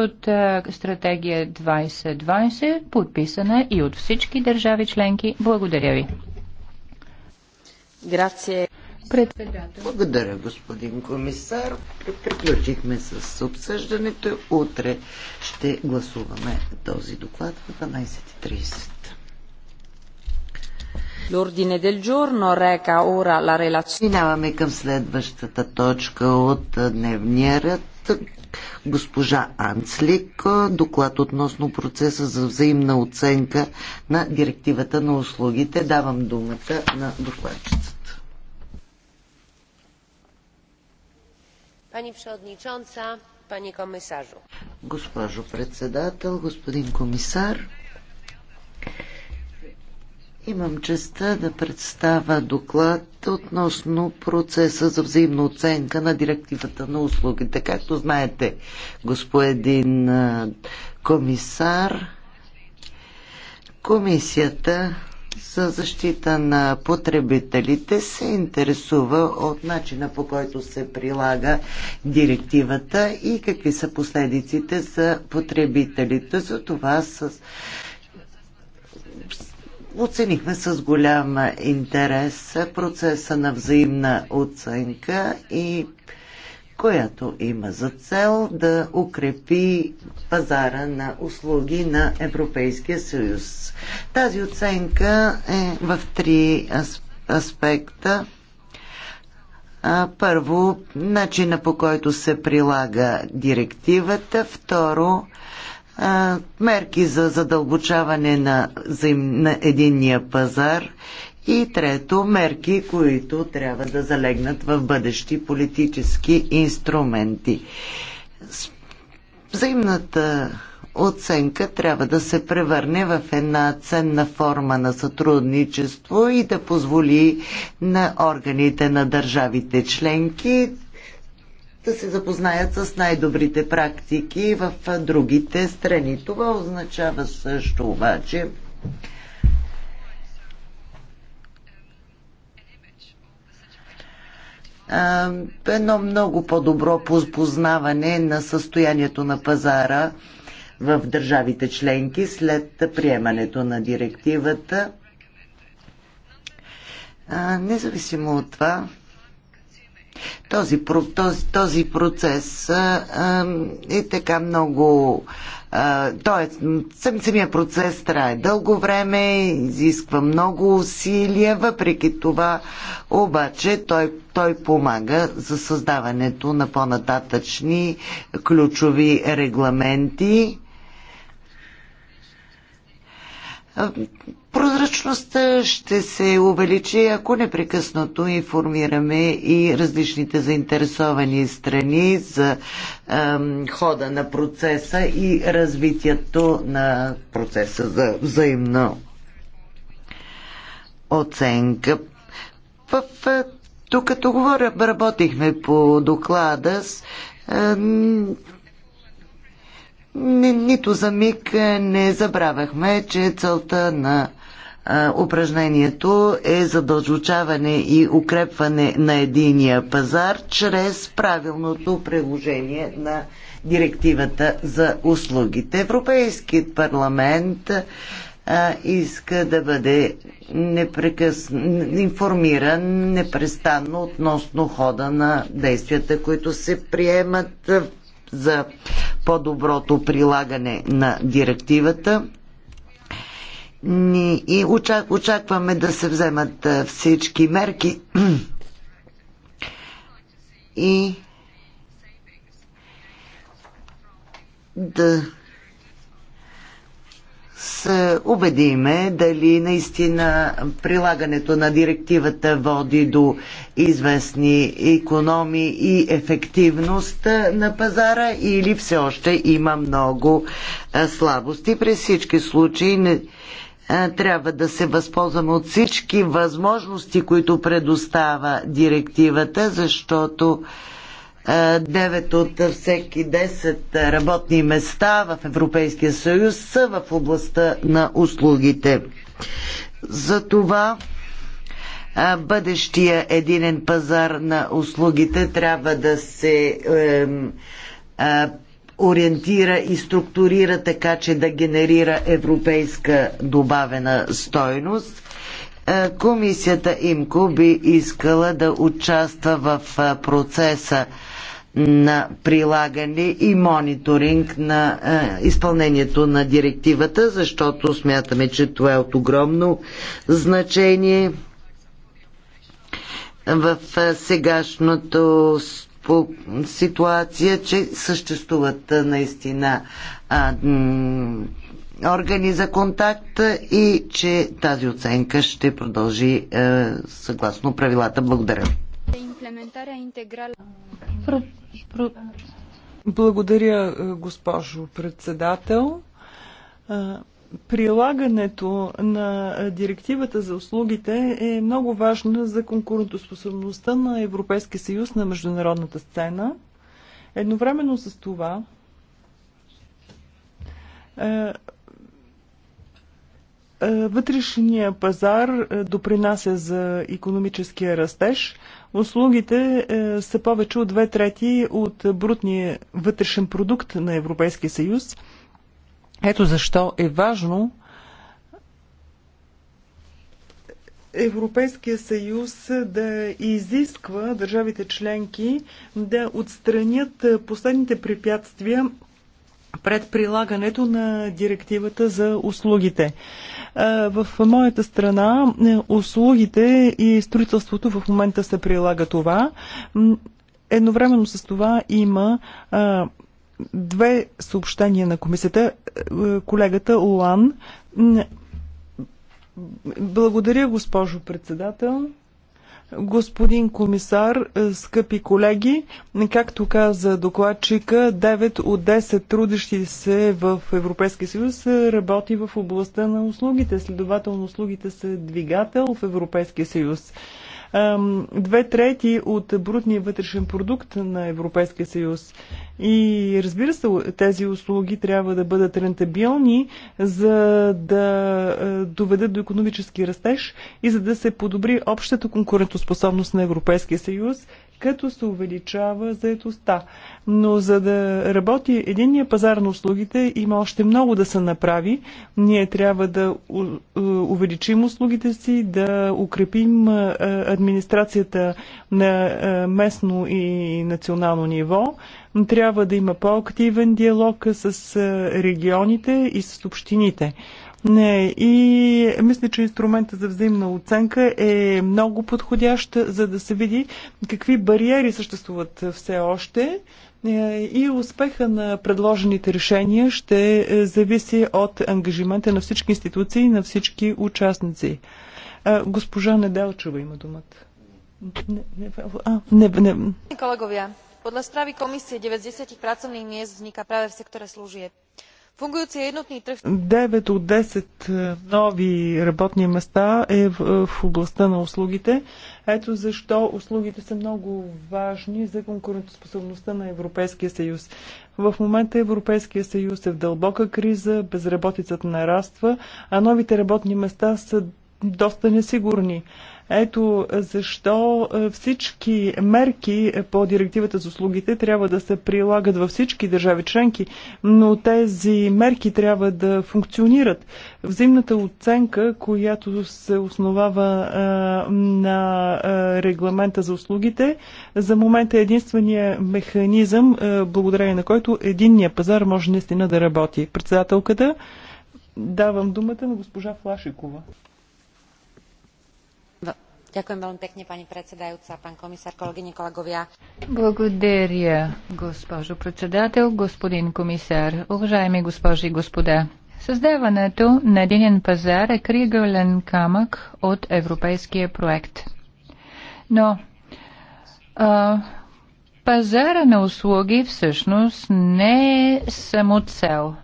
от е, стратегия 2020, подписана и от всички държави членки. Благодаря ви. Грация. Председател. Благодаря, господин комисар. Приключихме с обсъждането. Утре ще гласуваме този доклад в 12.30. L'ordine del giorno reca ora la relazione. Минаваме към следващата точка от дневния ред госпожа Анцлик, доклад относно процеса за взаимна оценка на директивата на услугите. Давам думата на докладчицата. Пани Пани Комисажо. Госпожо председател, господин комисар, Имам честа да представя доклад относно процеса за взаимна оценка на директивата на услугите. Както знаете, господин комисар, комисията за защита на потребителите се интересува от начина по който се прилага директивата и какви са последиците за потребителите. За това с Оценихме с голям интерес процеса на взаимна оценка и която има за цел да укрепи пазара на услуги на Европейския съюз. Тази оценка е в три аспекта. Първо, начина по който се прилага директивата. Второ, мерки за задълбочаване на, за, на единния пазар и трето мерки, които трябва да залегнат в бъдещи политически инструменти. Взаимната оценка трябва да се превърне в една ценна форма на сътрудничество и да позволи на органите на държавите членки да се запознаят с най-добрите практики в другите страни. Това означава също обаче, едно много по-добро познаване на състоянието на пазара в държавите членки след приемането на директивата. Независимо от това, този, този, този процес е така много. Тоест, сам, самия процес трае дълго време, изисква много усилия, въпреки това обаче той, той помага за създаването на по-нататъчни ключови регламенти Прозрачността ще се увеличи, ако непрекъснато информираме и различните заинтересовани страни за ем, хода на процеса и развитието на процеса за взаимно оценка. В, в, тук като говоря, работихме по доклада с ем, нито за миг не забравяхме, че целта на упражнението е задължочаване и укрепване на единия пазар чрез правилното приложение на директивата за услугите. Европейският парламент а, иска да бъде непрекъс... информиран непрестанно относно хода на действията, които се приемат за по-доброто прилагане на директивата ни и очакваме да се вземат всички мерки и да се убедиме дали наистина прилагането на директивата води до известни економи и ефективност на пазара или все още има много слабости. При всички случаи е, трябва да се възползваме от всички възможности, които предостава директивата, защото 9 е, от всеки 10 работни места в Европейския съюз са в областта на услугите. Затова е, бъдещия единен пазар на услугите трябва да се е, е, ориентира и структурира така, че да генерира европейска добавена стойност. Е, комисията ИМКО би искала да участва в е, процеса на прилагане и мониторинг на е, изпълнението на директивата, защото смятаме, че това е от огромно значение в сегашното по ситуация, че съществуват наистина а, органи за контакт и че тази оценка ще продължи а, съгласно правилата. Благодаря Благодаря, госпожо председател прилагането на директивата за услугите е много важна за конкурентоспособността на Европейския съюз на международната сцена. Едновременно с това е, е, Вътрешния пазар е, допринася за економическия растеж. Услугите са повече от две трети от брутния вътрешен продукт на Европейския съюз – ето защо е важно Европейския съюз да изисква държавите членки да отстранят последните препятствия пред прилагането на директивата за услугите. В моята страна услугите и строителството в момента се прилага това. Едновременно с това има две съобщения на комисията. Е, колегата Олан. Благодаря, госпожо председател. Господин комисар, е, скъпи колеги, както каза докладчика, 9 от 10 трудещи се в Европейския съюз работи в областта на услугите. Следователно, услугите са двигател в Европейския съюз две трети от брутния вътрешен продукт на Европейския съюз. И разбира се, тези услуги трябва да бъдат рентабилни, за да доведат до економически растеж и за да се подобри общата конкурентоспособност на Европейския съюз като се увеличава заетостта. Но за да работи единния пазар на услугите, има още много да се направи. Ние трябва да увеличим услугите си, да укрепим администрацията на местно и национално ниво. Трябва да има по-активен диалог с регионите и с общините. Не, и мисля, че инструмента за взаимна оценка е много подходящ, за да се види какви бариери съществуват все още и успеха на предложените решения ще зависи от ангажимента на всички институции и на всички участници. Госпожа Неделчева има думата. Не, не, а, не, не. Kolegovia, podľa správy komisie 9 z 10 pracovných 9 от 10 е, нови работни места е, е в областта на услугите. Ето защо услугите са много важни за конкурентоспособността на Европейския съюз. В момента Европейския съюз е в дълбока криза, безработицата нараства, а новите работни места са доста несигурни. Ето защо е, всички мерки по директивата за услугите трябва да се прилагат във всички държави членки, но тези мерки трябва да функционират. Взимната оценка, която се основава е, на е, регламента за услугите, за момента е единствения механизъм, благодарение на който единния пазар може наистина да работи. Председателката давам думата на госпожа Флашикова. Благодаря, госпожо председател, господин комисар, уважаеми госпожи и господа. Създаването на единен пазар е кригълен камък от европейския проект. Но а, пазара на услуги всъщност не е само цел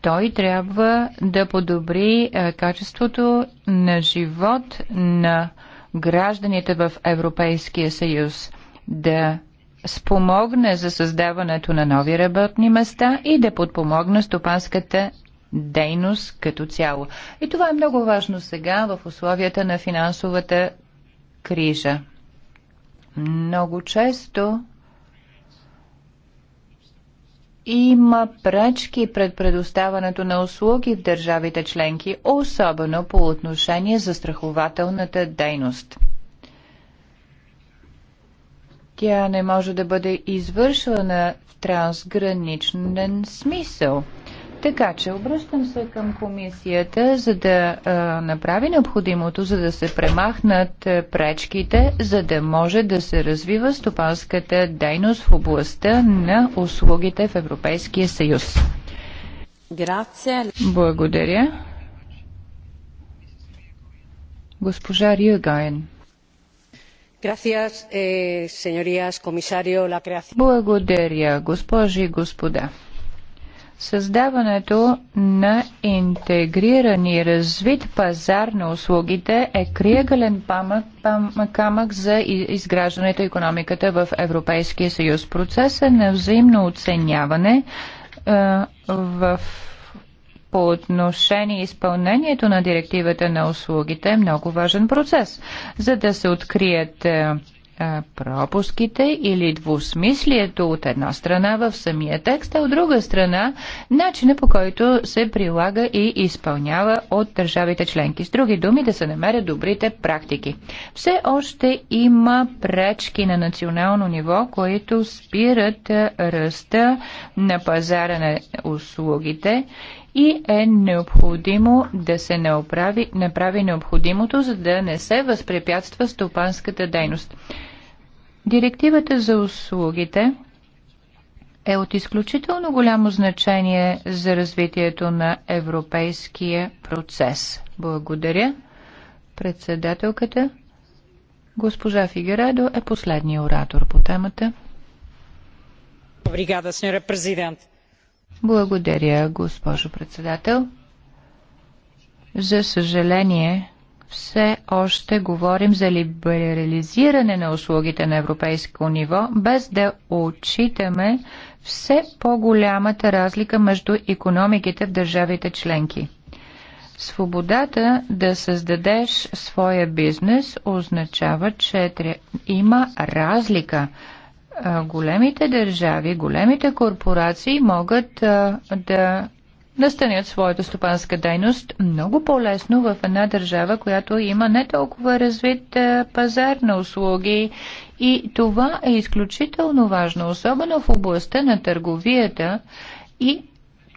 той трябва да подобри качеството на живот на гражданите в Европейския съюз, да спомогне за създаването на нови работни места и да подпомогне стопанската дейност като цяло. И това е много важно сега в условията на финансовата крижа. Много често има пречки пред предоставането на услуги в държавите членки, особено по отношение за страхователната дейност. Тя не може да бъде извършвана в трансграничен смисъл – така че обръщам се към комисията, за да а, направи необходимото, за да се премахнат пречките, за да може да се развива стопанската дейност в областта на услугите в Европейския съюз. Благодаря. Госпожа Рюгаен. Е, Благодаря, госпожи и господа. Създаването на интегриран и развит пазар на услугите е криегален памък, памък, камък за изграждането и економиката в Европейския съюз. Процесът на взаимно оценяване е, в по отношение изпълнението на директивата на услугите е много важен процес, за да се открият е, пропуските или двусмислието от една страна в самия текст, а от друга страна начина по който се прилага и изпълнява от държавите членки. С други думи да се намерят добрите практики. Все още има пречки на национално ниво, които спират ръста на пазара на услугите и е необходимо да се направи, направи необходимото, за да не се възпрепятства стопанската дейност. Директивата за услугите е от изключително голямо значение за развитието на европейския процес. Благодаря. Председателката госпожа Фигерадо е последния оратор по темата. Бригада, президент. Благодаря, госпожо председател. За съжаление, все още говорим за либерализиране на услугите на европейско ниво, без да отчитаме все по-голямата разлика между економиките в държавите членки. Свободата да създадеш своя бизнес означава, че има разлика големите държави, големите корпорации могат да настанят своята стопанска дейност много по-лесно в една държава, която има не толкова развит е, пазар на услуги. И това е изключително важно, особено в областта на търговията и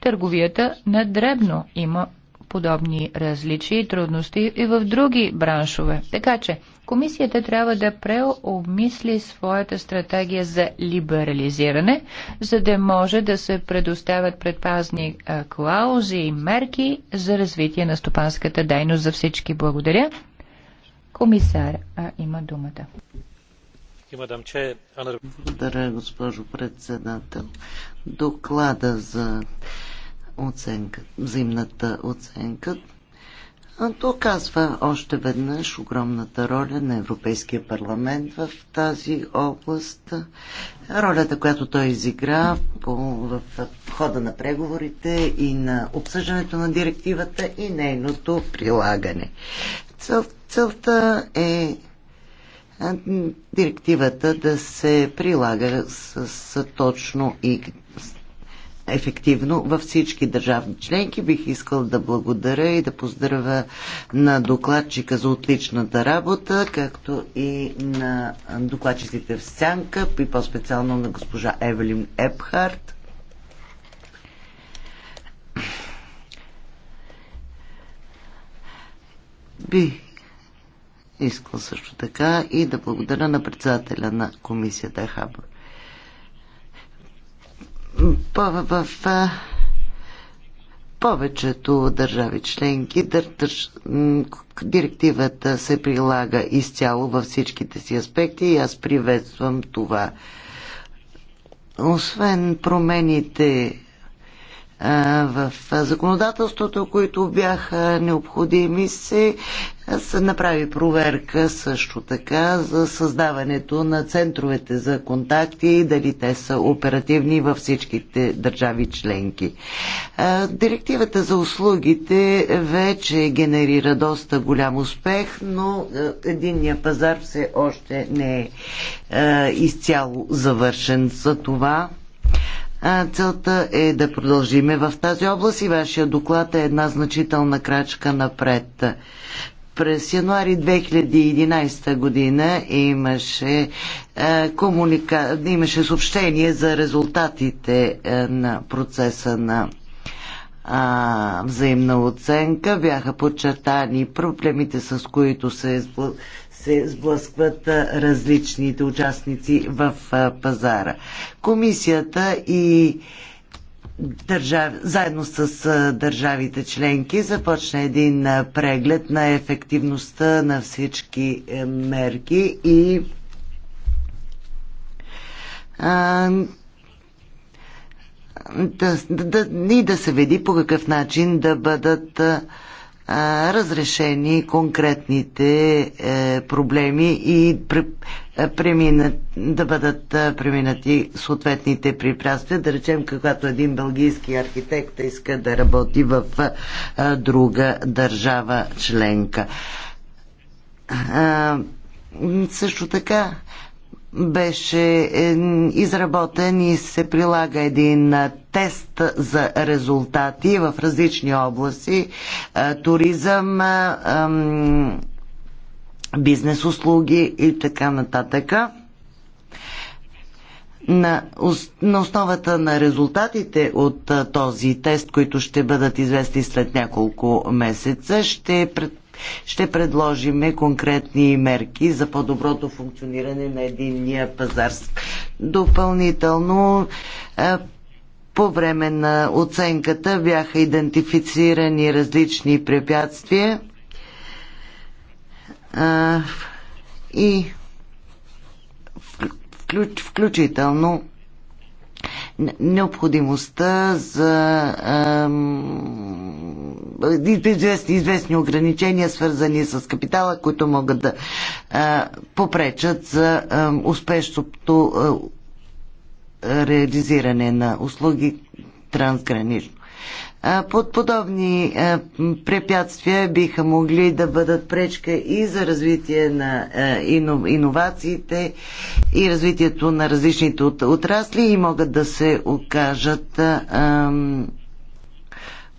търговията на дребно. Има подобни различия и трудности и в други браншове. Така че Комисията трябва да преобмисли своята стратегия за либерализиране, за да може да се предоставят предпазни клаузи и мерки за развитие на стопанската дейност за всички. Благодаря. Комисар а, има думата. Благодаря, госпожо председател. Доклада за оценка, взаимната оценка доказва още веднъж огромната роля на Европейския парламент в тази област, ролята, която той изигра по, в хода на преговорите и на обсъждането на директивата и нейното прилагане. Цел, целта е директивата да се прилага с, с точно и ефективно във всички държавни членки. Бих искал да благодаря и да поздравя на докладчика за отличната работа, както и на докладчиците в Сянка, и по-специално на госпожа Евелин Епхарт. Би искал също така и да благодаря на председателя на комисията Хабър в, повечето държави членки директивата се прилага изцяло във всичките си аспекти и аз приветствам това. Освен промените в законодателството, които бяха необходими, се се направи проверка също така за създаването на центровете за контакти и дали те са оперативни във всичките държави членки. Директивата за услугите вече генерира доста голям успех, но единния пазар все още не е изцяло завършен. За това Целта е да продължиме в тази област и вашия доклад е една значителна крачка напред. През януари 2011 година имаше, е, комуника... имаше съобщение за резултатите е, на процеса на а, взаимна оценка. Бяха подчертани проблемите, с които се, се сблъскват е, различните участници в а, пазара. Комисията и държав, заедно с държавите членки започна един преглед на ефективността на всички е, мерки и а, да, да, и да се види по какъв начин да бъдат а, разрешени конкретните е, проблеми и е, преминат, да бъдат е, преминати съответните препятствия. Да речем, когато един бългийски архитект иска да работи в е, друга държава членка. Също така беше изработен и се прилага един тест за резултати в различни области туризъм, бизнес услуги и така нататък. На, на основата на резултатите от този тест, които ще бъдат известни след няколко месеца, ще пред ще предложим конкретни мерки за по-доброто функциониране на единния пазар. Допълнително по време на оценката бяха идентифицирани различни препятствия а, и включ, включително необходимостта за а, известни, известни ограничения, свързани с капитала, които могат да а, попречат за а, успешното а, реализиране на услуги трансгранично. Под подобни препятствия биха могли да бъдат пречка и за развитие на иновациите и развитието на различните отрасли и могат да се окажат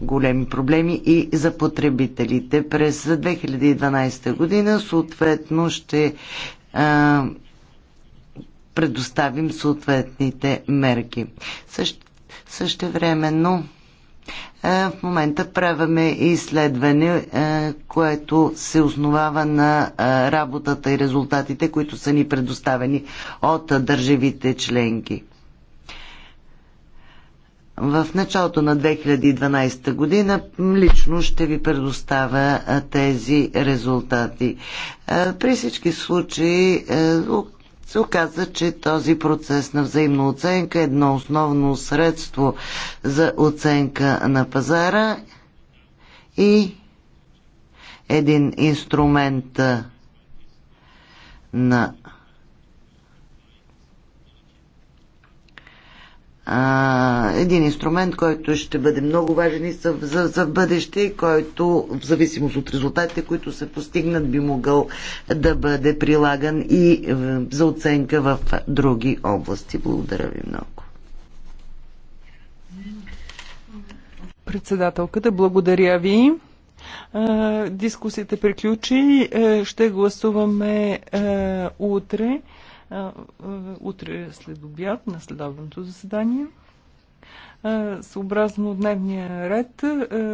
големи проблеми и за потребителите. През 2012 година съответно ще предоставим съответните мерки. Също Същевременно е, в момента правяме изследване, е, което се основава на е, работата и резултатите, които са ни предоставени от държавите членки. В началото на 2012 година лично ще ви предоставя тези резултати. При всички случаи се оказа, че този процес на взаимна оценка е едно основно средство за оценка на пазара и един инструмент на а, един инструмент, който ще бъде много важен и за, за, за бъдеще, и който в зависимост от резултатите, които се постигнат, би могъл да бъде прилаган и е, за оценка в други области. Благодаря ви много. Председателката, благодаря ви. Е, дискусията приключи. Е, ще гласуваме утре утре след обяд на следобното заседание. Е, съобразно дневния ред. Е,